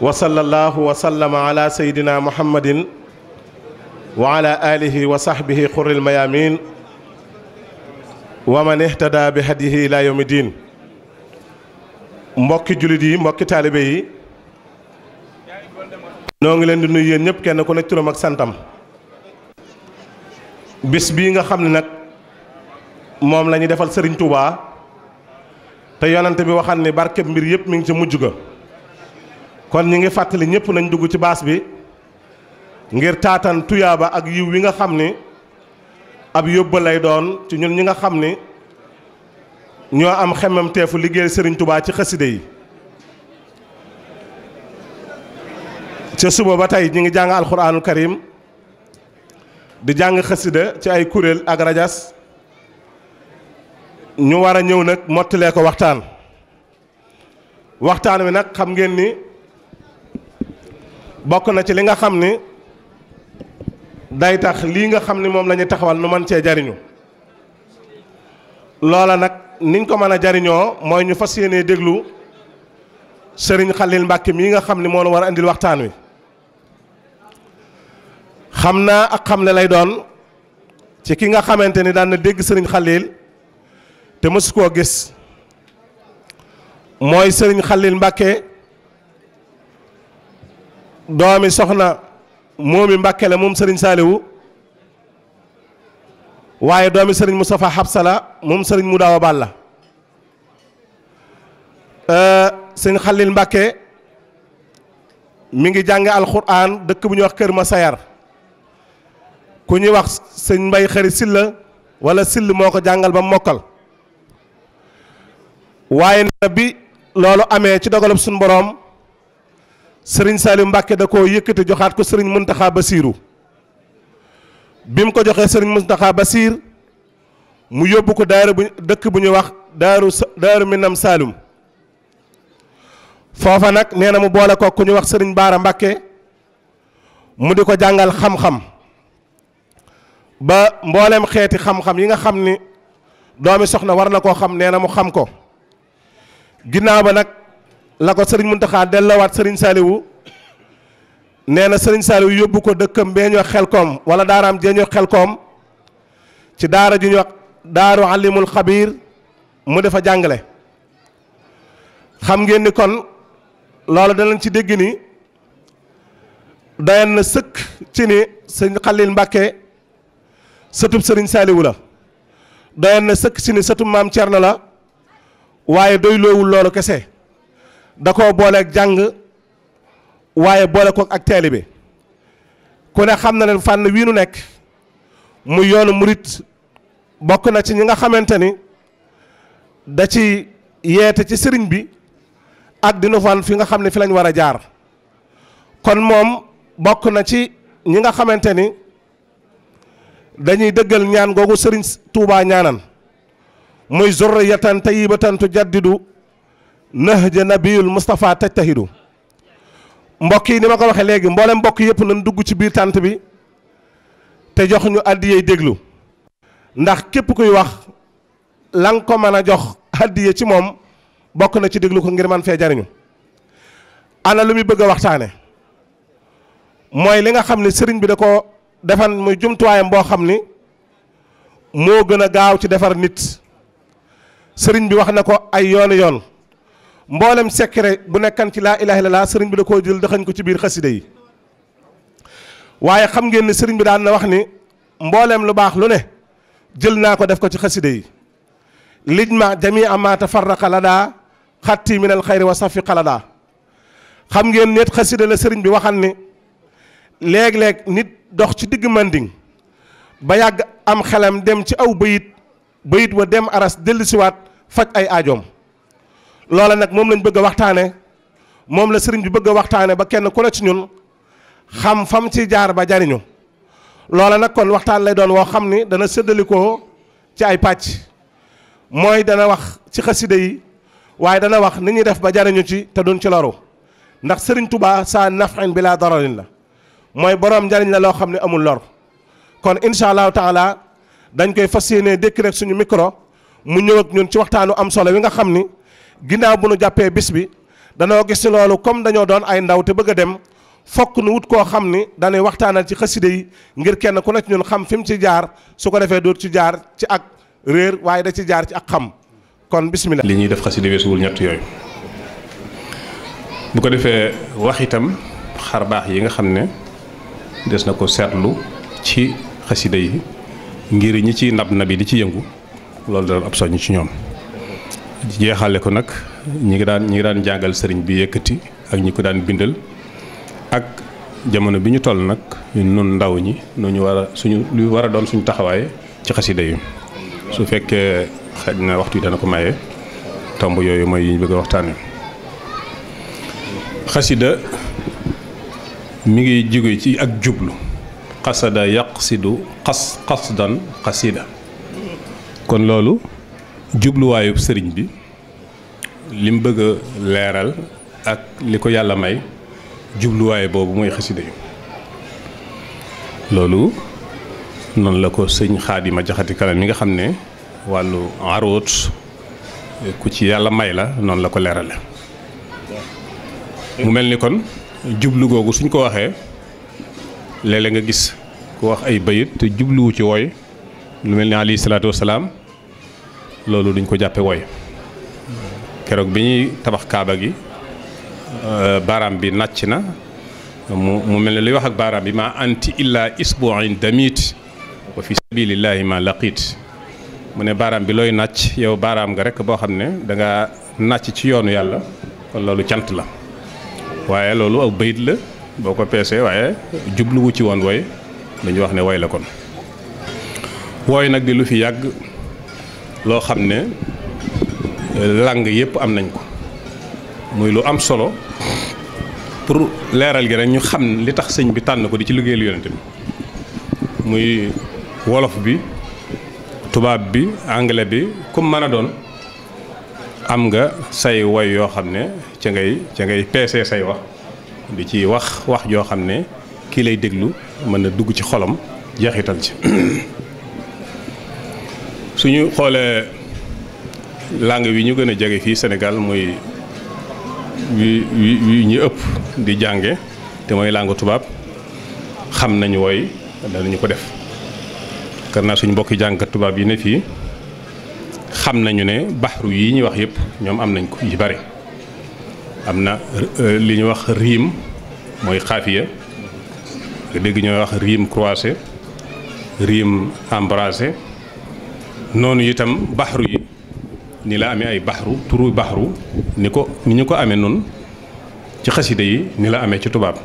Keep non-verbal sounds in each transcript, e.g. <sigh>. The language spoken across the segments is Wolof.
wa sallallahu wa sallama ala sayyidina muhammadin wa ala alihi wa sahbihi xurril mayamin wa man ihtada bi hadihi ila mbokki jullit yi mbokki taalibe yi noo ngi leen di nuy yéen ñëpp kenn ku ne turam ak santam bis bii nga xam ni nag moom lañuy defal sëriñ Touba te yonante bi waxan ni barkeb mbir yëpp mi ngi ci mujj ga kon ñi ngi fàttali ñëpp nañ dugg ci baas bi ngir taatan tuyaaba ak yiw wi nga xam ni ab yóbba lay doon ci ñun ñi nga xam ni ñoo am xemam teefu liggéey sëriñ tubaa ci xaside yi ca suba ba tey ñi ngi jàng alxuraanul karim di jàng xasida ci ay kuréel ak rajas ñu war a ñëw nag mottilee ko waxtaan waxtaan wi nag xam ngeen ni bokk na ci li nga xam ni day tax lii nga xam ni moom lañuy ñu taxawal nu mën cee jariñu loola nag niñ ko mën a jariñoo mooy ñu fas yéenee déglu sëriñ Xalil Mbàkke mii nga xam ni moo war a indil waxtaan wi xam naa ak xam xamle lay doon ci ki nga xamante ni daan na dégg sëriñ Xalil te mësu koo gis mooy sëriñ Xalil Mbàkke doomi soxna moomi Mbàkke la moom sëriñ Saaliwu waaye doomi sëriñ mu Xabsa la moom sëriñ mu daaw Mudaawa Balla euh, sëñ Xalil Mbàkke mu ngi jàng alxuraan dëkk bu ñuy wax Kër ma sayar ku ñuy wax sëñ Mbay Xari Silla wala Sill moo ko jàngal ba mokkal waaye na bi loolu amee ci dogalub suñ boroom sëriñ Saliou Mbacke da ko yëkkati joxaat ko sëriñ Mountakha Bassirou bi mu ko joxee sëriñ Mountakha Bassir mu yóbbu ko daaru bu dëkk bu ñuy wax daaru daaru Minam Saloum foofa nag nee na mu boole ko ku ñu wax sëriñ Baara Mbacke mu di ko jàngal xam-xam ba mboolem xeeti xam-xam yi nga xam ni doomi soxna war na koo xam nee na mu xam ko ginnaaw ba nag. la ko sëriñ Muntaxa delloowaat sëriñ Saaliwu nee na sëriñ Saaliwu yóbbu ko dëkkam bee ñoo Xelkom wala daaraam jee ñoo Xelkom ci daara ji ñoo daaru alimul xabiir mu defa jàngale xam ngeen ni kon loolu danañ ci dégg ni doyan na sëkk ci ni sëñ Xalil Mbàkke sëtub sëriñ Saaliwu la doyan na sëkk ci ni sëtub maam Cerno la waaye doy loolu kese da koo booleek jàng waaye boole ko ak taalibe ku ne xam na ne fànn wii nu nekk mu yoonu murit bokk na ci ñi nga xamante ni da ci yeete ci sëriñ bi ak dinu fan fi nga xam ne fi lañ war a jaar kon moom bokk na ci ñi nga xamante ni dañuy dëggal ñaan googu sëriñ Touba ñaanan muy zurriyatan tayyibatan tujaddidu nahja nabiyul Moustapha tajtahidu mbokk yi ni ma ko waxee léegi mboolem mbokk yëpp nañ dugg ci biir tànt bi te jox ñu àddiyey déglu ndax képp kuy wax la ko mën a jox àddiye ci moom bokk na ci déglu ko ngir man fee jariñu ana lu muy bëgg a waxtaane mooy li nga xam ne sëriñ bi da ko defan muy jumtuwaayam boo xam ni moo gën a gaaw ci defar nit sëriñ bi wax na ko ay yooni yoon mboolem secret bu nekkan ci laa la laa sëriñ bi da koo jël dëxañ ko ci biir xasida yi waaye xam ngeen ne sëriñ bi daan na wax ni mbooleem lu baax lu ne jël naa ko def ko ci xasida yi lij ma jami amaata tafarraqa la daa xatti min al xayri wa safi xaladaa xam ngeen net xasida la sëriñ bi waxan ni léeg-léeg nit dox ci digg manding ba yàgg am xelam dem ci aw bayit bayit wa dem aras siwaat faj ay aajoom loola nag moom lañ bëgg a waxtaane moom la sëriñ bi bëgg a waxtaane ba kenn ku ne ci ñun xam fam ci jaar ba jariñu loola nag kon waxtaan lay doon woo xam ni dana séddalikoo ci ay pàcc mooy dana wax ci xasida waaye dana wax ni ñuy def ba jariñu ci te duñ ci loru ndax sëriñ tubaa saa nafin bi laa dararin la mooy boroom njariñ la loo xam ne amul lor kon incha allahu taala dañ koy fas yéenee dékk rek suñu micro mu ñëw ñun ci waxtaanu am solo wi nga xam ni ginnaaw bu nu jàppee bis bi danoo gis ci loolu comme dañoo doon ay ndaw te bëgg a dem fokk nu wut koo xam ni dañuy waxtaanal ci xaside yi ngir kenn ku ne ci ñun xam fi mu ci jaar su ko defee dootu ci jaar ci ak réer waaye da ci jaar ci ak xam kon bismillah li ñuy def xaside weesuwul ñett yooyu bu ko defee wax itam xar baax yi nga xam ne des na ko seetlu ci xaside yi ngir ñi ci nab nabi di ci yëngu loolu dana ab soññ ci ñoom jeexale ko nag ñi ngi daan ñi daan jàngal sëriñ bi yëkkati ak ñi ko daan bindal ak jamono bi ñu toll nag nun ndaw ñi ñu war suñu lu war a doon suñu taxawaay ci xasida yi su fekkee xaj na waxtu yi dana ko maye tomb yooyu mooy yi ñu bëgg a waxtaane xasida mi ngi jóge ci ak jublu xasada yaqsidu xas xasdan xasida kon loolu jubluwaayu sëriñ bi lim mu bëgg a leeral ak li ko yàlla may jubluwaay boobu mooy xasida yi loolu noonu la ko sëñ Xaadima Jaxate Kala mi nga xam ne wàllu aroot ku ci yàlla may la noonu la ko leerale mu mel ni kon jublu googu suñ ko waxee léeg nga gis ku wax ay bayit te jubluwu ci woy lu mel ni alayhi salaatu wasalaam loolu duñ ko jàppe woy keroog bi ñuy tabax kaaba gi euh, baaraam bi nàcc na mu mu mel ni luy wax ak baaraam bi maa anti illaa isbuin damit wa fi sabilillahi ma laqit mu ne baaraam bi looy nàcc yow baaraam nga rek boo xam ne da nga nàcc ci yoonu yàlla kon loolu cant la waaye loolu aw bayit la boo ko peesee waaye jubluwu ci woon woy dañu wax ne woy la kon woy nag di lu fi yàgg loo xam ne lang yëpp am nañ ko muy lu am solo pour leeral gi rek ñu xam li tax sëñ bi tànn ko di ci liggéeyal yonent bi muy wolof bi tubaab bi anglais bi kum mën a doon am nga say woy yoo xam ne ca ngay ca ngay peese say wax di ci wax wax joo xam ne kii lay déglu mën na dugg ci xolom jeexital ci <clears throat> suñu xoolee làng wi ñu gën a jege fii senegal mooy wi wi ñu ëpp di jànge te mooy langue tubaab xam nañu wooy danañu ko def kar naa suñu mbokki jàngkat tubaab yi ne fii xam nañu ne baxru yi ñuy wax yëpp ñoom am nañ ko yi bari am na euh, euh, li ñuy wax riim mooy xaafiya nga dégg ñooy wax riim croisé riim embrasé noonu itam baxru yi ni la amee ay baxru turu baxru ni ko ni ñu ko amee noonu ci xasida yi ni la amee ci tubaab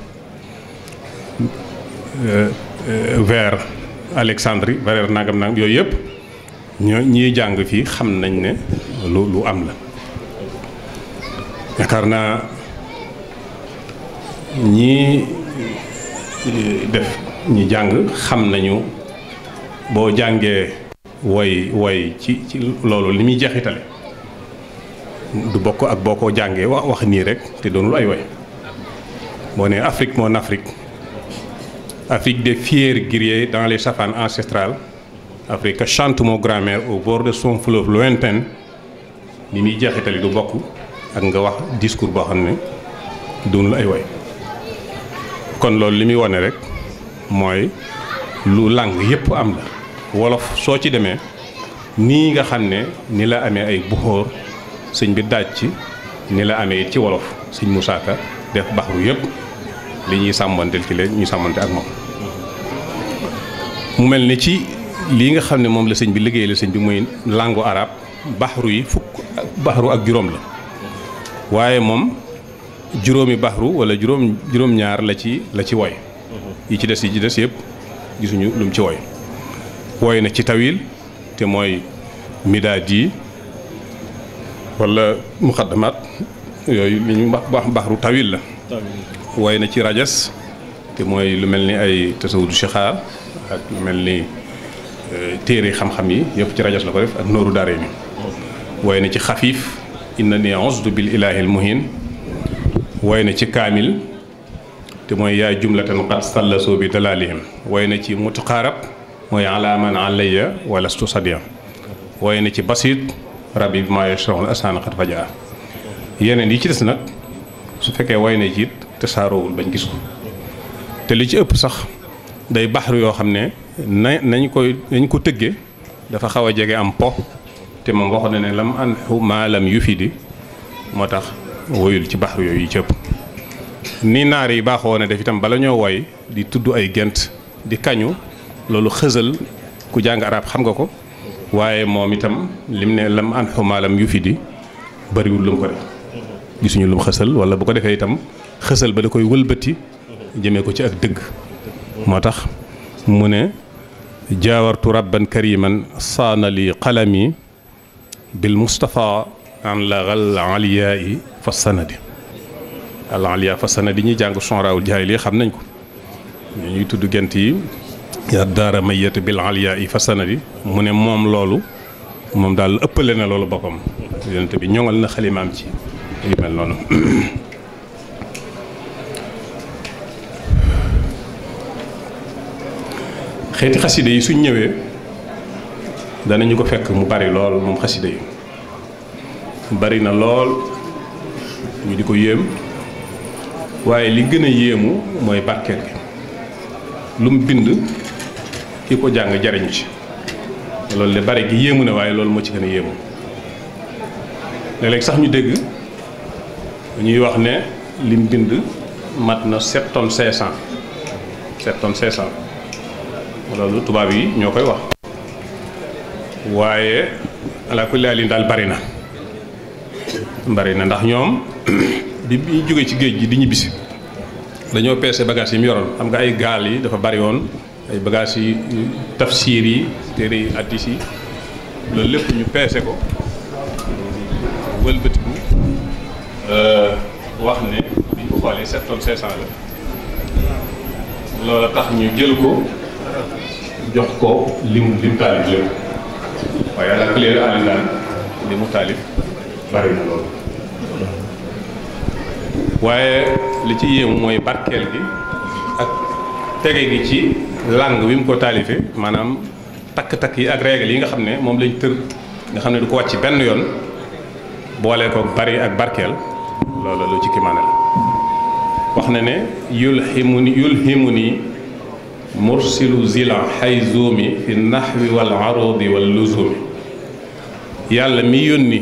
vers Alexandrie vers nangam nangam yooyu yëpp ñoo ñiy jàng fii xam nañ ne lu lu am la yaakaar naa ñii def ñi jàng xam nañu boo jàngee woy woy ci ci loolu li muy jeexitale du bokk ak boo ko jàngee wax wax nii rek te doonul ay woy moo ne Afrique mon Afrique Afrique des fiers guerriers dans les safanes ancestrales Afrique chante mon grand-mère au bord de son fleuve lointain muy jeexitali du bokk ak nga wax discours boo xam ne doonul ay woy kon loolu li muy wane rek mooy lu làng yépp am la wolof soo ci demee nii nga xam ne ni la amee ay buxóor sëñ bi daaj ci ni la amee ci wolof sëñ Moussa Ka def baxru yëpp li ñuy sàmmanteel ci leen ñu sàmmante ak moom mu mel ni ci lii nga xam ne moom la sëñ bi liggéey la sëñ bi muy langue arabe baxru yi fukk baxru ak juróom la waaye moom juróomi baxru wala juróom juróom-ñaar la ci la ci woy yi ci des yi ci des yëpp gisuñu lum ci woy woy na ci tawil te mooy midaad yi wala muqaddamat yooyu li ñu wax baxru tawil la woy na ci rajas te mooy lu mel ni ay tasawudu sixaar ak lu mel ni euh, téere xam-xam yi yëpp ci rajas la ko def ak nooru daare mi woy na ci xafiif inna ni usdu bil ilaahil muhin woy na ci kaamil te mooy yaay jumlatan qad sallasoo bi dalaalihim woy na ci mutaqaarab mooy ala man alayya walastu sadia waaye na ci basit rab yi bi maa yasraxul asaan fajaa yeneen yi ci des nag su fekkee way na jiit te saaroowul bañ gis ko te li ci ëpp sax day baxru yoo xam ne na nañ koy nañ ko tëggee dafa xaw a jege am po te moom waxoon na ne lam an maalam yu fi di moo tax woyul ci baxru yooyu yi ci ëpp ni naar yi baaxoo ne def itam bala ñoo woy di tudd ay gént di kañu loolu xësal ku jàng arab xam nga ko waaye moom itam lim ne lam an xumaalam yu fi di bëriwul lu ko def gisuñu lu mu xësal wala bu ko defee itam xësal ba da koy wëlbati jëme ko ci ak dëgg moo tax mu ne jaawartu rabban kariman saana li qalami bil mustafa an laxal aliya yi fa sanadi al aliya fa ñuy jàng sonraawul jaay lii xam nañ ko ñuy tudd gent yi yaa daara mayyata bil aliya yi fa sanadi mu ne moom loolu moom daal ëppale na loolu boppam yonent bi ñoŋal na xalimaam ci yu mel noonu xeeti xasida yi suñ ñëwee danañu ko fekk mu bari lool moom xasida yi bari na lool ñu di ko yéem waaye li gën a yéemu mooy barkeel gi lu mu bind kii ko jàng jariñu ci loolu de bare gi yéemu na waaye loolu moo ci gën a yéemu léeg sax ñu dégg ñuy wax ne lim bind mat na 7 tonnes 500 7 tonnes loolu tubaab yi ñoo koy wax waaye ala kulli daal bari na bari na ndax ñoom <clears throat> bi ñu jógee ci géej gi di ñibbisi dañoo peese bagage yi mu yoroon xam nga ay gaal yi dafa bari woon ay bagages yi tafsir yi téere yi addis yi loolu lépp ñu peese ko wëlbatiku euh, wax ne bi ko xoolee sept tonnes cinq la loola tax ñu jël ko jox ko lim lim taalif lépp waaye yàlla cleer àlindaan li taalif bari loolu waaye li ci yéemu mooy barkeel gi ak tege gi ci langue wi mu ko taalifee maanaam takk-takk yi ak règle yi nga xam ne moom lañ tër nga xam ne du ko wàcc benn yoon boole ko bari ak barkeel loolu lu ci kimaane wax na ne yulhimuni yulhimuni mursilu zila hayzumi fi nahwi wal arudi wal luzumi yàlla mi yónni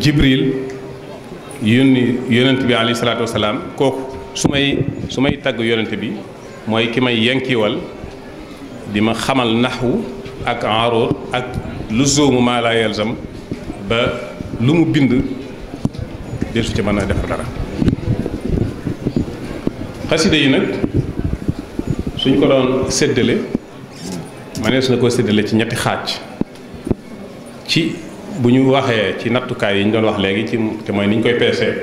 jibril yónni yonent bi alayhi salaatu wasalaam kooku su may su may tagg yonent bi mooy ki may yenkiwal di ma xamal naxwu ak aaroor ak lu zoomu maa laa yalzam ba lu mu bind dee su ci mën a def dara xasida yi nag suñ ko doon séddale manees na koo séddale ci ñetti xaaj ci bu ñu waxee ci nattukaay yi ñu doon wax léegi ci te mooy ni koy peesee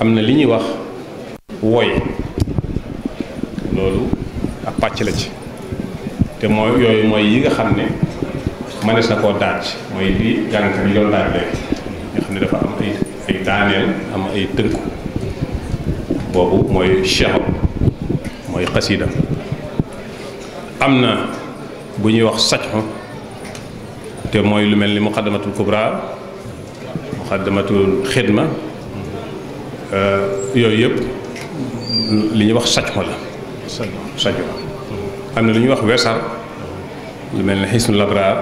am na li ñuy wax woy loolu ab pàcc la ci te mooy yooyu mooy yi nga xam ne mënees na koo daaj mooy li jàngkat yi doon daaj léegi nga xam ne dafa am ay ay daaneel am ay tënku boobu mooy cheikh mooy xasida am na bu ñuy wax sacco te mooy lu mel ni muqaddamatul kubra muqaddamatul xidma euh, yooyu yëpp li ñuy wax sacco la sajju am na lu ñuy wax wesar lu mel ne xisnu labraar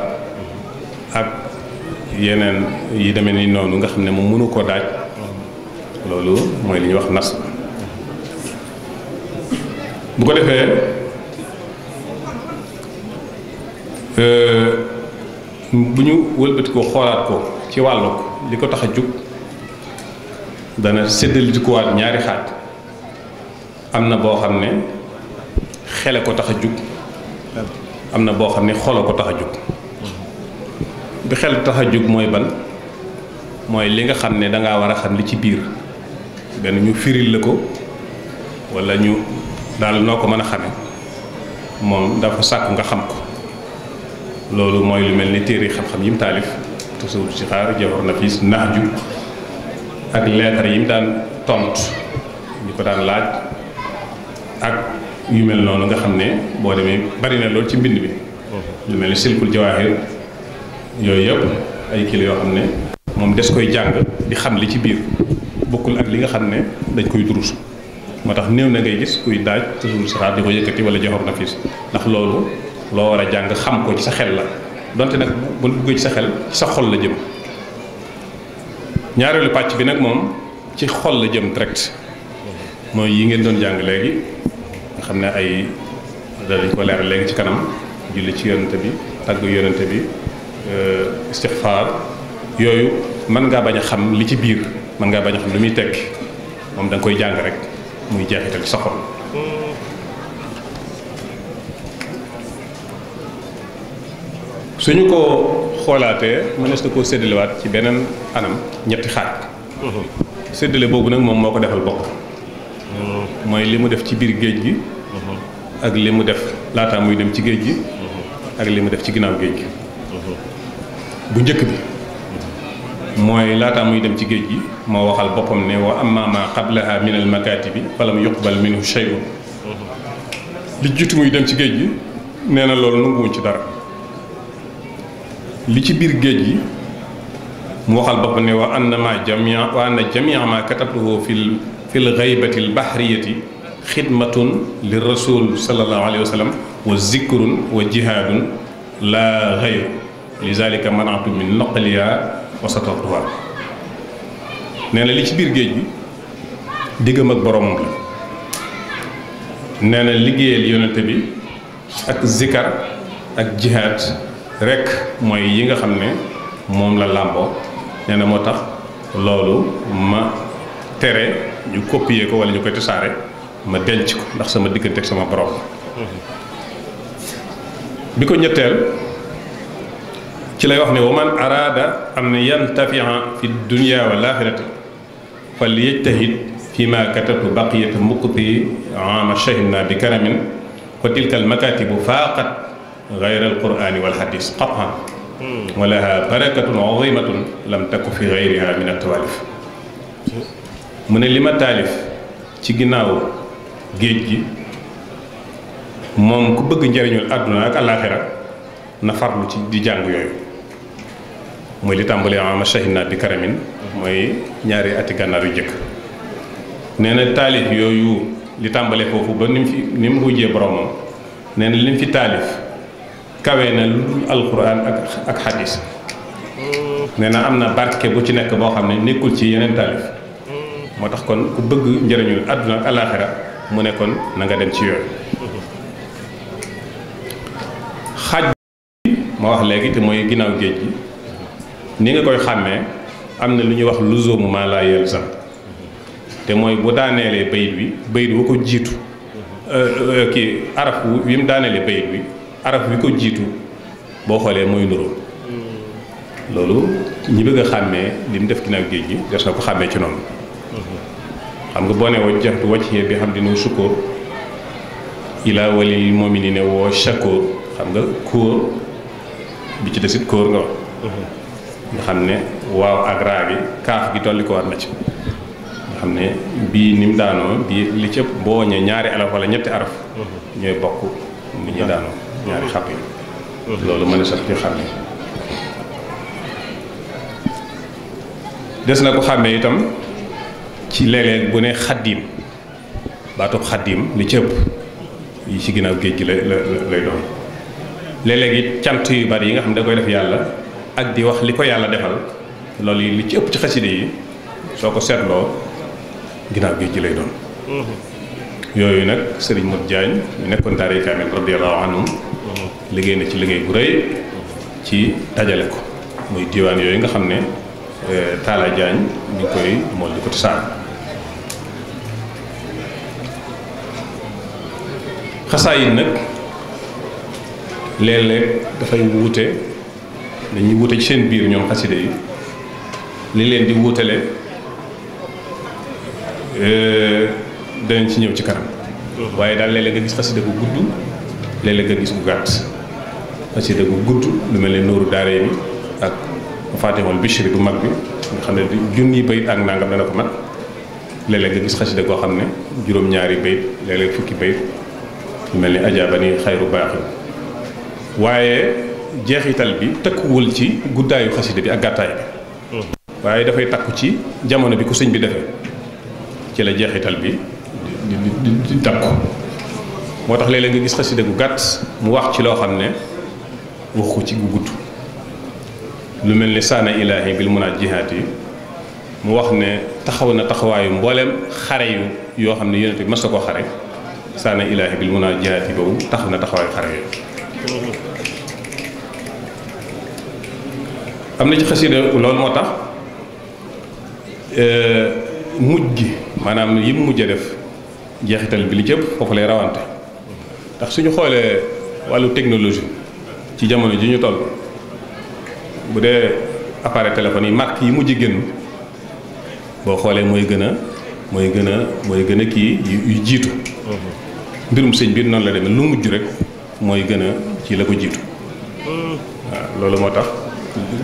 ak yeneen yi demee ni noonu nga xam ne moom mënu koo daaj loolu mooy li ñuy wax nas bu ko defee euh, bu ñu wëlbati ko xoolaat ko ci wàllu li ko tax a jug dana séddal jukkuwaat ñaari xaaj am na boo xam ne xele ko tax a jóg am na boo xam ne xolo ko tax a jóg bi xel tax a jóg mooy ban mooy li nga xam ne danga war a xam li ci biir benn ñu firil la ko walla ñu daal noo ko mën a xame moom dafa sàkku nga xam ko loolu mooy lu mel ni téere xam-xam yi mu taalif tasawuf si xaar jawar nafis nax ju ak leetar yi daan tont ñu ko daan laaj yu mel noonu nga xam ne boo demee bari na lool ci mbind bi oh. lu mel ne silkul jawaahir yooyu yëpp ay kii yoo xam ne moom des koy jàng di xam li ci biir bokkul ak li nga xam ne dañ koy durus moo tax néew na ngay gis kuy daaj toujours saxaat di ko yëkkati wala joxor na fiis ndax loolu loo war a jàng xam ko ci sa xel la donte nag bu duggee ci sa xel sa xol la jëm ñaareelu pàcc bi nag moom ci xol la jëm direct mooy yi ngeen doon jàng léegi nga xam ne ay danañ ko leeral léegi ci kanam julli ci yonante bi tàgg yonante bi euh, istixfaar yooyu mën ngaa bañ a xam li ci biir mën ngaa bañ a xam li muy tekki moom da koy jàng rek muy jeexital ci sa xol suñu ko xoolaatee mënees na koo séddalewaat ci beneen anam ñetti xaaj séddale boobu nag moom moo ko defal bokk mooy li mu def ci biir géej gi uh-huh. ak li mu def laataa muy dem ci géej gi uh-huh. ak li mu def ci ginnaaw géej gi uh-huh. bu njëkk bi mooy laataa muy dem ci géej gi moo waxal boppam ne am amma ma qablaha min al makatibi falam yuqbal dem ci géej gi nee na loolu ci dara ci biir géej gi mu waxal boppam ne wa ma jamia wa fi l xaybati l bahriyati xidmatun li rasul sallallahu wa sallam wa zikrun wa jihaadun la xayru li zalika manaatu min naqliya wa satartuha nee na li ci biir géej bi diggam ak boromam la nee na liggéeyal yonente bi ak zikar ak jihaad rekk mooy yi nga xam ne moom la làmboo nee na moo tax loolu ma tere ñu copier ko wala ñu koy tasaare ma denc ko ndax sama diggante ak sama borom bi ko ñetteel ci lay wax ne wa man araada an yantafia fi dunya wal axirati fal yajtahid fi ma katabtu baqiyatu muqti ama shahidna bi karamin fa tilka al makatibu faaqat gayra al qurani wal hadis qatan wa laha fi mu ne li ma taalif ci ginnaaw géej gi moom ku bëgg njariñul àdduna ak àllaaxira na farlu ci di jàng yooyu mooy li tàmbalee ama shahina bi karamin mooy ñaari ati gànnaar yu jëkk nee na taalif yooyu li tàmbalee foofu ba ni mu fi ni mu boromam nee na li mu fi taalif kawe na lu dul alquran ak ak xadis hmm. nee na am na barke bu ci nekk boo xam ne nekkul ci yeneen taalif moo tax kon ku bëgg njëriñul àdduna ak alaaxira mu ne kon na dem ci yooyu xaj bi ma wax léegi te mooy ginnaaw géej gi ni nga koy xàmmee am na lu ñuy wax luzumu maa laa yalzam te mooy bu daaneelee bayit wi bayit wu ko jiitu euh, euh, ki araf wi mu daaneelee bayit wi araf wi ko jiitu boo xoolee mooy nuroo hmm. loolu ñi bëgg a xàmmee li mu def ginnaaw géej gi des na ko xàmmee ci noonu xam nga boo ne wajjahtu wajhiya bi hamdin wa shukur ilaa walil ne woo shakur xam nga kóor bi ci desit kóor nga wax nga xam ne waaw ak raa gi kaaf gi dolli ko war na ci nga xam ne bii ni mu daanoo bii li ci ëpp boo wàññee ñaari alaf wala ñetti araf ñooy bokk ni ñu daanoo ñaari xàpp yi loolu mën sax ñu xam ne des na ko xàmmee itam ci leneen bu ne xaddiim baatub xaddiim li ci ëpp yi ci ginnaaw géej gi lay lay doon léeg-léeg it cant yu bari yi nga xam ne da koy def yàlla ak di wax li ko yàlla defal loolu yi li ci ëpp ci xaside yi soo ko seetloo ginnaaw géej gi lay doon mm-hmm. yooyu nag sëriñ Modou Diagne mi nekkoon daari kaamil radiyallahu anhu mm-hmm. liggéey na ci liggéey bu rëy ci dajale ko muy diwaan yooyu nga xam ne eh, Talla jaañ ñu koy mool di ko ci saan yi nag léeg-léeg dafay wuute dañuy wuute ci seen biir ñoom xaside yi li leen di wuutale euh, danañ ci ñëw ci kanam waaye daal léeg-léeg nga gis xaside bu gudd léeg-léeg nga gis bu gàtt xaside bu gudd lu mel ne nooru daara yi ak Fatimul Bichri bu mag bi nga xam ne junni bayit ak nangam dana ko mat léeg-léeg nga gis xaside koo xam ne juróom-ñaari bayit léeg-léeg fukki bayit mel ni ajaaba ni xayru baaxi waaye jeexital bi takkuwul ci guddaayu xasida bi ak gàttaay bi waaye dafay takku ci jamono bi ku sëñ bi defee ci la jeexital bi di takku moo tax léeg-léeg nga gis xasida gu gàtt mu wax ci loo xam ne wax ko ci gu gudd lu mel ni saana ilaahi bil munaat jihaat yi mu wax ne taxaw na taxawaayu mbooleem xare yu yoo xam ne yonent bi ko xare saana ilaahi bil mun a jaati boobu tax na taxawaayu xare yooyu na ci xasida loolu moo tax euh, mujj gi maanaam yi mujj a def jeexital bi li jëpp foofu lay rawante ndax suñu xoolee wàllu technologie ci jamono ji ñu toll bu dee appareil téléphone yi marque yi mujj génn boo xoolee mooy gën a mooy gën a mooy gën a kii yu jiitu mm-hmm. mbirum sëñ bi noonu la demee lu mujj rek mooy gën a ci la ko jiitu waaw loolu moo tax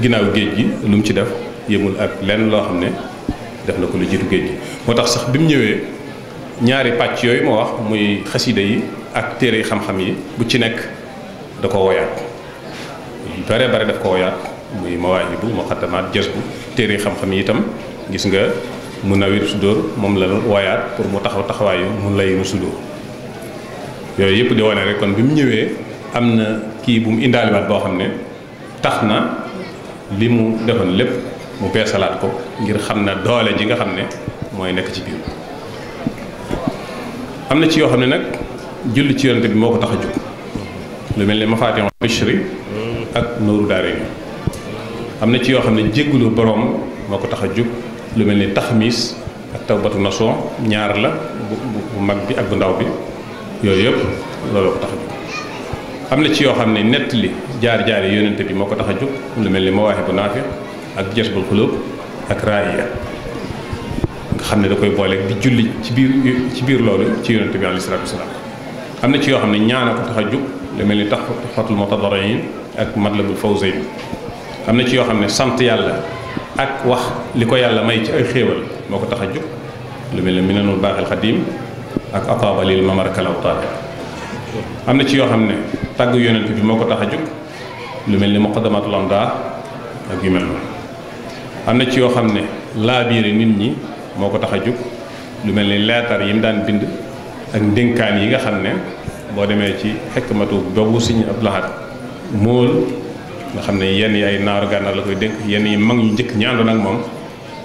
ginnaaw géej gi lum ci def yëmul ak lenn loo xam ne def na ko lu jiitu géej gi moo tax sax bi mu ñëwee ñaari pàcc yooyu ma wax muy xasida yi ak téere yi xam-xam yi bu ci nekk da ko woyaat bare bare daf ko woyaat muy mawaahibu muqaddamaat jës bu téere yi xam-xam yi itam gis nga Munawwirus Sudûr moom la woyaat pour mu taxaw taxawaayu mu lay nu sudóor yooyu yëpp di wane rek kon bi mu ñëwee am na kii bu mu indaaliwaat boo xam ne tax na li mu defoon lépp mu beesalaat ko ngir xam na doole ji nga xam ne mooy nekk ci biir am na ci yoo xam ne nag julli ci yonante bi moo ko tax a jóg lu mel ne mafaatihul bichri ak nooru daarayni am na ci yoo xam ne jéggulu boroom moo ko tax a jóg lu mel ne taxmiis ak tawbatu nasuux ñaar la bu bu mag bi ak bu ndaw bi yooyu yëpp looloo ko tax a jóg am na ci yoo xam ne nett li jaar jaar yi yonent bi moo ko tax a jóg lu mel ni bu Naafi ak Jasbul Xuluub ak Raaya nga xam ne da koy boole di julli ci biir ci biir loolu ci yonent bi alayhi salaatu wasalaam am na ci yoo xam ne ñaana ko lu mel ni tax xatul mutadarriin ak Matlabul Fawzayni am na ci yoo xam ne sant yàlla ak wax li ko yàlla may ci ay xéewal moo ko tax a jóg lu mel ni Minanul Baaxil Xadiim ak ataaba lil mamarkal awtaaya am na ci yoo xam ne tàgg yonent bi moo ko tax a jóg lu mel ni muqaddamatul amdaa ak yu mel noonu am na ci yoo xam ne laabiire nit ñi moo ko tax a jóg lu mel ni leetar yi mu daan bind ak ndénkaan yi nga xam ne boo demee ci xekmatu boobu Sëriñ Abdul Ahad mool nga xam ne yenn yi ay naaru gànnaar la koy dénk yenn yi mag ñu njëkk ñaandoon ak moom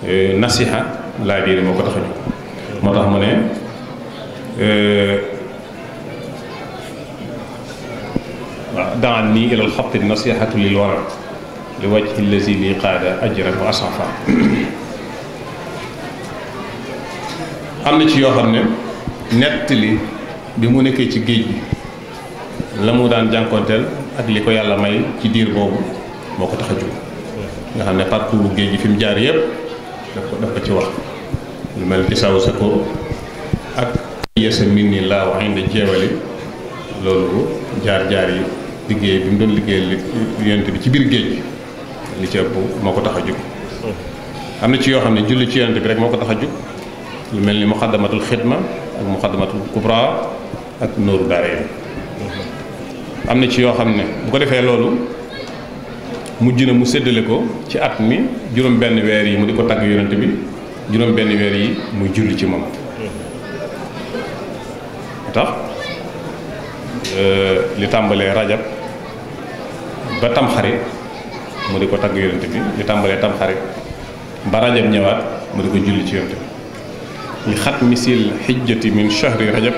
eh, nasiha laabiire moo ko tax a jóg daani ilal xatti nasihatu lil wara li wajhi lazi li qaada ajran wa asafa am na ci yoo xam ne nettali bi mu nekkee ci géej gi la mu daan jànkonteel ak li ko yàlla may ci diir boobu moo ko tax a jóg nga xam ne parcours géej gi fi mu jaar yépp daf ko daf ko ci wax lu mel ni sa ko yeesa min ni laa ànd jeewali loolu jaar-jaar yi liggéey bi mu doon liggéey yonent bi ci biir géej gi li ci ëpp moo ko tax a jóg am na ci yoo xam ne julli ci yonent bi rek moo ko tax a jóg mel ni muxaddamatul xidma ak muxaddamatul kubra ak nooru daara yi am na ci yoo xam ne bu ko defee loolu mujj na mu seddale ko ci at mi juróom benn weer yi mu di ko tagg yonent bi juróom benn weer yi muy julli ci moom tax euh, li tàmbalee rajab ba tamxarit mu di ko tagg yonent bi li tàmbalee tamxarit ba rajab ñëwaat mu di ko julli ci yonent bi li xat misil xijjati min shahri rajab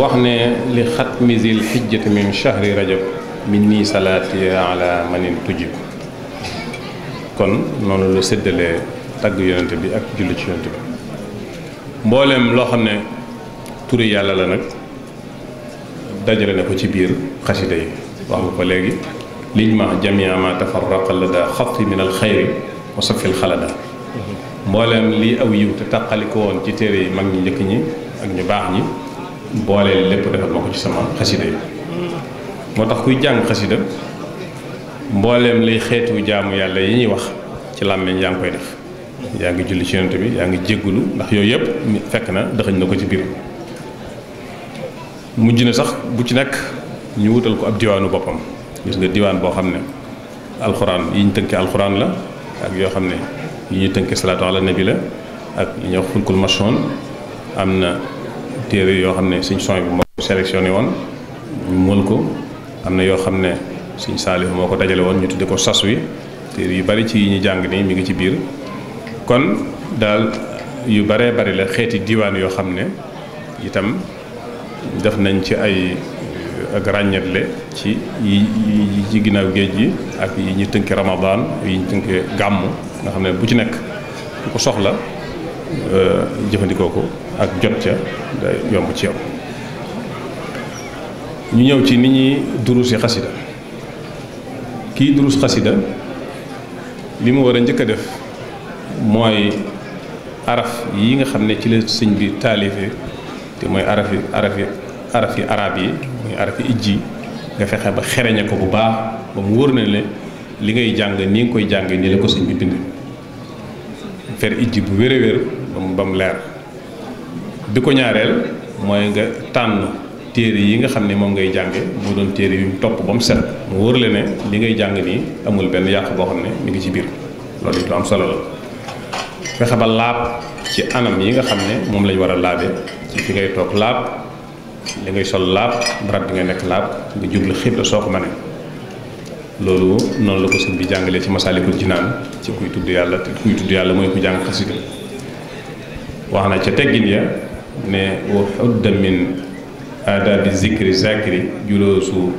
wax ne li xatmi zil xijjati min chahri rajab min nii salaati ala manin tujib kon noonu la séddalee tagg yonent bi ak julli ci yonent bi mbooleem loo xam ne turi yàlla la nag dajale na ko ci biir xasida yi wax nga ko léegi liñ ma jamia ma tafarraqa la daa xatti min al wa safil xalada mbooleem lii aw yiw te taqali ko woon ci téere yi mag ñi njëkk ñi ak ñu baax ñi booleel lépp defal ma ko ci sama xasida yi moo tax kuy jàng xasida mbooleem lay xeetu jaamu yàlla yi ñuy wax ci làmmeñ yaa ngi koy def yaa ngi julli ci yonent bi yaa ngi jéggulu ndax yooyu yëpp fekk na dëxëñ na ko ci biir mujj na sax bu ci nekk ñu wutal ko ab diwaanu boppam gis nga diwaan boo xam ne alxuraan yi ñu tënki alxuraan la ak yoo xam ne yi ñuy tënki salaatu ala nabi la ak yi ñuy wax fulkul am na téere yoo xam ne suñ son bi moo ko yi woon ñu mën ko am na yoo xam ne suñ saalihu moo ko dajale woon ñu tudde ko sas wi téere yu bari ci ñu jàng nii mi ngi ci biir kon daal yu baree bari la xeeti diwaan yoo xam ne itam def nañ ci ay ak ràññetle ci yi ci ginnaaw géej gi ak yi ñu tënki ramadan yi ñu tënki gàmm nga xam ne bu ci nekk ku ko soxla Euh, jëfandikoo ko ak jot ca day yomb ci yow ñu ñëw ci nit ñi durusi xasida kii durus xasida li mu war a njëkk a def mooy araf yi nga xam ne ci la sëñ bi taalifee te mooy araf yi araf yi araf yi arab yi muy ijji nga fexe ba xereñe ko bu baax ba mu wóor na ne li ngay jàng ni nga koy jàng ni la ko sëñ bi bind fer ijji bu wér wér ba mu ba mu leer bi ko ñaareel mooy nga tànn téere yi nga xam ne moom ngay jànge moo doon téere yu topp ba mu set mu wóor la ne li ngay jàng nii amul benn yàq boo xam ne mi ngi ci biir loolu lu am solo la fexe ba laab ci anam yi nga xam ne moom lay war a laabe ci fi ngay toog laab li ngay sol laab barab bi nga nekk laab nga jublu xibla soo ko mënee loolu noonu la ko sëñ bi jàngalee ci Masaalikul Jinaan ci kuy tudd yàlla te kuy tudd yàlla mooy ku jàng xasida wax na ca teggin ya ne wa xudda min aadaabi zikri zakiri juloosu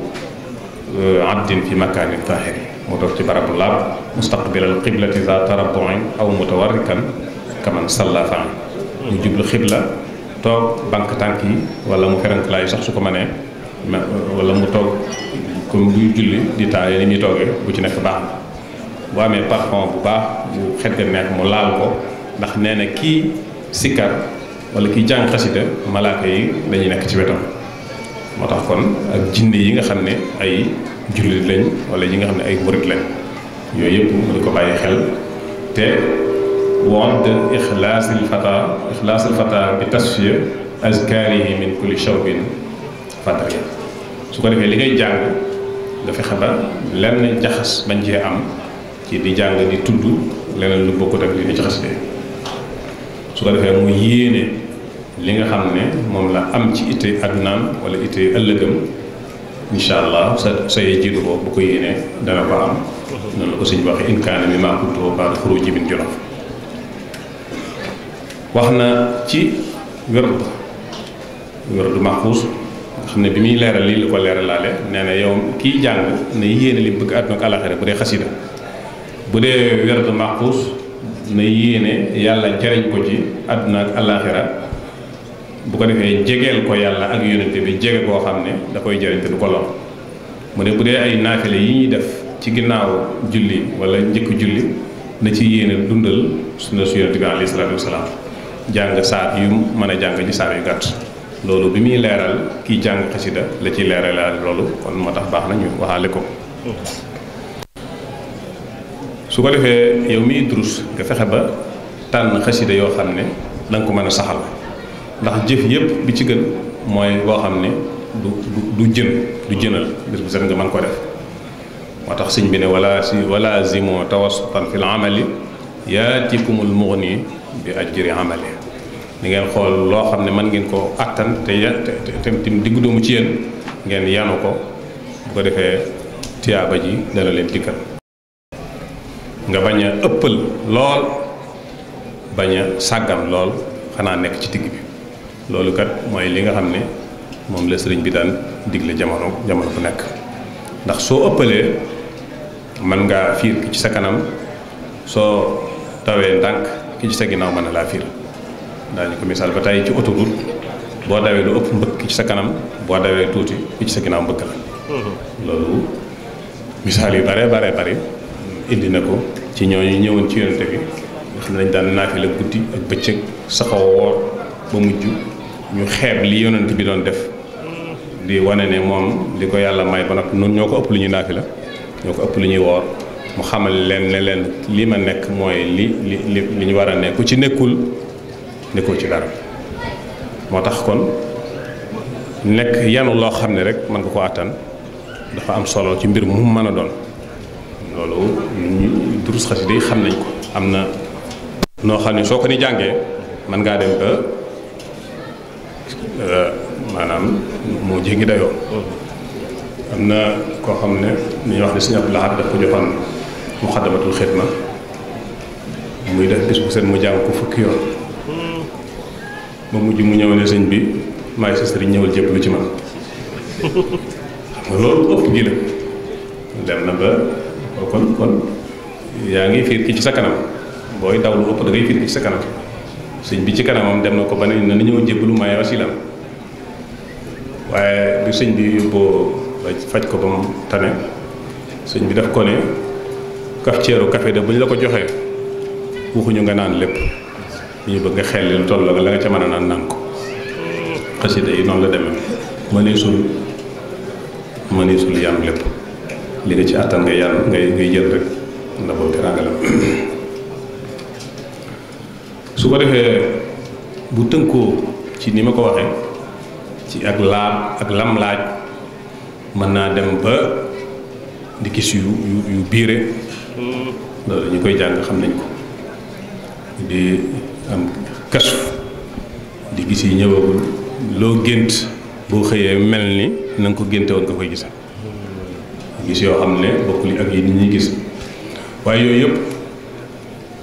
euh, abdin fi makaanin taahiri mu toog ci barabu laab mustaqbilal qiblati za tarabbuin aw mutawarrikan kaman salla faan mu jublu xibla toog banque tànk yi wala mu ferankalaayu sax su ko manee wala mu toog comme buy julli di taale ni muy toogee bu ci nekk baax na bu amee parfum bu baax bu xet ga neex mu laal ko ndax nee kii sikkat wala ki jàng xasida malaaka yi dañuy nekk ci wetam moo tax kon ak jinne yi nga xam ne ay jullit lañ wala yi nga xam ne ay murit lañ yooyu yëpp mu di ko bàyyi xel te wodd ixlaasil fata ixlaasil fata bi tasfiya azkaarihi min kulli shawbin fatari su ko defee li ngay jàng nga fexe ba lenn jaxas bañ cee am ci di jàng di tudd leneen lu bokkut ak li di jaxas de su ko defee mu yéene li nga xam ne moom la am ci ittey addunaam wala ittey ëllëgam incha allah sa sa yee jiitu ko bu ko yéenee dana ko am noonu la ko sëñ waxee in mi maa kuntu baada xuruuji min jolof wax na ci wërd wërdu maxfuus xam ne bi muy leeral lii la ko leeralaale nee na yow kiy jàng na yéene li mu bëgg àdduna ak alaxira bu dee xasida bu dee wërdu maxfuus na yéene yàlla jariñ ko ci àdduna ak alaaxira bu ko defee jegeel ko yàlla ak yónnente bi jege koo xam ne da koy jariñ te du ko lor mu ne bu dee ay naafile yi ñuy def ci ginnaaw julli wala njëkk julli na ci yéene dundal sunna su yónnente bi alayhi salaatu wasalaam jàng saat yu mën a jàng ci saat yu gàtt loolu bi muy leeral kiy jàng xasida la ciy leeralaal loolu kon moo tax baax nañu ñu waxaale ko su ko defee yow miy durus nga fexe ba tànn xasida yoo xam ne danga ko mën a saxal ndax jëf yépp bi ci gën mooy boo xam ne du du jën du jënal bis bu set nga mën ko def moo tax sëñ bi ne wala si wala zimo tawasutan fil amali yaatikumul mughni bi ajri amali ni ngeen xool loo xam ne mën ngeen ko attan te te tim diggu doomu ci yéen ngeen yanu ko bu ko defee tiyaaba ji dana leen dikkal nga bañ a ëppal lool bañ a sàggan lool xanaa nekk ci digg bi loolu kat mooy li nga xam ne moom la sëriñ bi daan digle jamono jamono bu nekk ndax soo ëppalee mën ngaa fiir ki ci sa kanam soo dawee ndànk ki ci sa ginnaaw mën na laa fiir daañu ko misaal ba tey ci autoroute boo dawee lu ëpp mbëkk ki ci sa kanam boo dawee tuuti ki ci sa ginaaw mbëkk la mhm. loolu misaal yu bare bare bari indi na ko ci ñooñu ñëwoon ci yonente bi nga xam ne dañ daan naafila guddi ak bëccëg saxaw woor ba mujj ñu xeeb li yonent bi doon def di wane ne moom li ko yàlla may ba nag noonu ñoo ko ëpp lu ñuy la ñoo ko ëpp lu ñuy woor mu xamal leen ne leen li ma nekk mooy li li li ñu war a ne ci nekkul nekkoo ci dara moo tax kon nekk yanu loo xam ne rek mën nga ko àttan dafa am solo ci mbir mu mën a doon loolu nit durus xasida yi xam nañ ko am na noo xam ne soo ko ni jàngee man ngaa dem ba euh, maanaam moo jéggi dayoo am na koo xam ne ñuy wax ne Sëriñ Abdou Lahad daf ko joxoon muxaddamatul xidma muy def bis bu set mu jàng ko fukki yoon ba mujj mu ñëw sëñ bi maay sa sëriñ ñëwal jëpp lu ci man <laughs> xam nga loolu ëpp la dem na ba kon kon yaa ngi fiir ki ci sa kanam booy daw lu ëpp da fiir ki ci sa kanam sëñ bi ci kanamam dem na ko ba ne na ñëw jébbalu maay wasilaam waaye bi sëñ bi boo faj ko ba mu tane sëñ bi def ko ne kaf ceeru café de bu ñu la ko joxee waxuñu nga naan lépp bu ñu bëgg nga xel lu toll la nga ca mën a naan naan ko xasida yi noonu la demee mëneesul mëneesul yam lépp li ci àttan nga yàlla ngay ngay jël rek ndax boobu teraanga la su ko defee bu tënkoo ci ni ma ko waxee ci ak laab ak lam mën naa dem ba di gis yu yu biire loolu ñu koy jàng xam nañ ko di am kasu di gis yi ñëwagul loo gént boo xëyee mel ni na ko génte woon nga koy gisa gis yoo xam ne bokkul ak yi nit ñuy gis waaye yooyu yëpp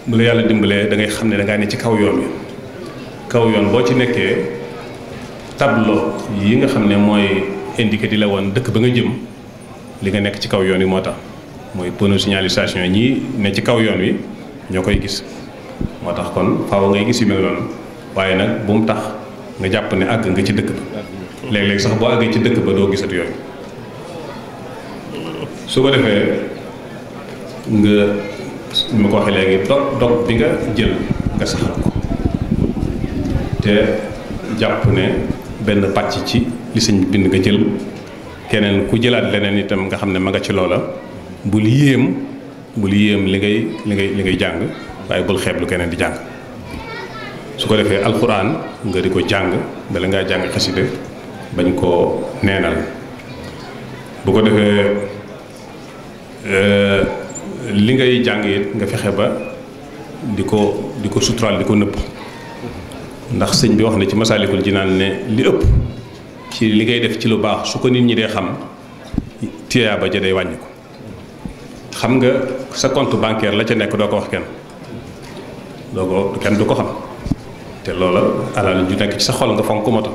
bu la yàlla dimbalee da ngay xam ne da ne ci kaw yoon wi kaw yoon boo ci nekkee tableau yi nga xam ne mooy indiqué di la woon dëkk ba nga jëm li nga nekk ci kaw yoon wi moo tax mooy panneau signalisation yi ñii ne ci kaw yoon wi ñoo koy gis moo tax kon faaw ngay gis yu mel noonu waaye nag bu mu tax nga jàpp ne àgg nga ci dëkk ba léeg-léeg sax boo àggee ci dëkk ba doo gisat yooyu su ko defee nga ma ko xelee léegi dog dog bi nga jël nga saxal ko te jàpp ne benn pàcc ci li sëñ bi bind nga jël keneen ku jëlaat leneen itam nga xam ne ma nga ci loola bul yéem bul yéem li ngay li ngay jàng waaye bul xeeb lu keneen di jàng su ko defee alxuraan nga di ko jàng bala ngaa jàng xasida bañ koo neenal bu ko defee Euh, li ngay jàng it nga fexe ba di ko di ko suturaal di ko nëbb ndax sëñ bi wax na ci masaalikul jinaan ne li ëpp ci li ngay def ci lu baax su ko nit ñi dee xam tiyaa ba ja day wàññi xam nga sa conte bancaire la ca nekk doo ko wax kenn doo ko kenn du ko xam te loola alal ju nekk ci sa xol nga fonk moto moo tax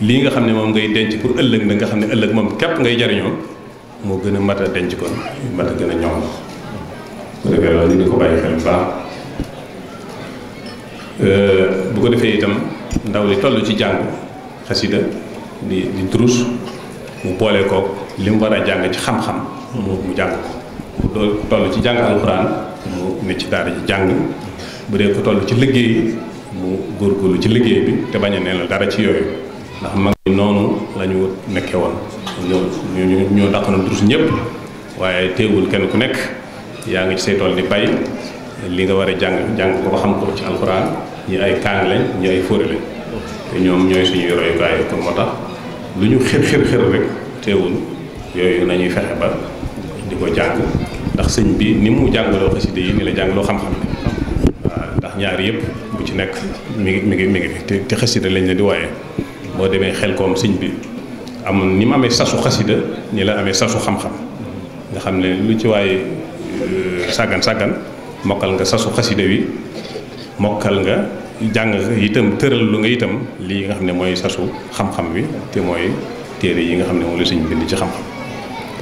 lii nga xam ne moom ngay denc pour ëllëg na nga xam ne ëllëg moom képp ngay jariñoo moo gën a mat denc ko mat a gën a ñoom bu ko bàyyi xel bu baax euh, bu ko defee itam ndaw li tollu ci jàng xasida di di durus mu boole kook li mu war a jàng ci xam-xam mu mu jàng ko bu doo toll ci jàng alxuraan mu ne ci daara ji jàng bu dee ko toll ci liggéey mu góor góorgóorlu ci liggéey bi te bañ a neenal dara ci yooyu ndax mag ñi noonu la ñu nekkee woon ñoo ñoo ñoo dàqoon durus ñëpp waaye teewul kenn ku nekk yaa ngi ci sey tool di bay li nga war a jàng jàng ko xam ko ci alxuraan ñi ay kaang lañ ñi ay fóori lañ te ñoom ñooy suñuy royukaay kon moo tax lu ñu xir xir xir rek teewul yooyu nañuy fexe ba di ko jàng ndax sëñ bi ni mu jàngaloo xasida yi ni la jàngaloo xam-xam waaw ndax ñaari yëpp bu ci nekk mi ngi mi ngi mi ngi te xasida lañ la di wooyee boo demee xel koom sëñ bi amoon ni mu amee sasu xasida ni la amee sasu xam-xam nga xam ne lu ci waaye euh, sàggan sàggan mokkal nga sasu xasida wi mokkal nga jàng itam tëral lu nga itam lii nga xam ne mooy sasu xam-xam wi te mooy téere yi nga xam ne moom la bi bind ci xam-xam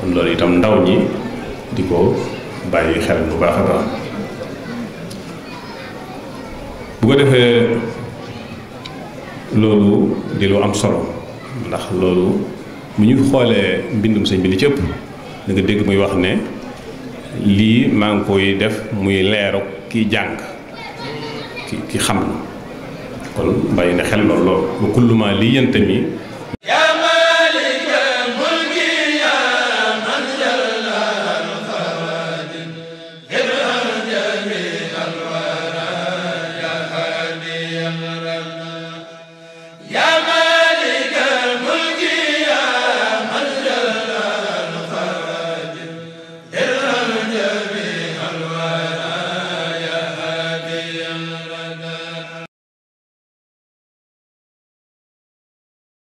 kon loolu itam ndaw ñi di ko bàyyi xel bu baax a baax bu ko defee loolu di lu am solo ndax loolu bu ñu xoolee mbindum sëñ bi li ci dégg muy wax ne lii maa ngi koy def muy leeru ki jàng ki ki xam kon bàyyi na xel loolu loolu bu kullumaa lii yëntami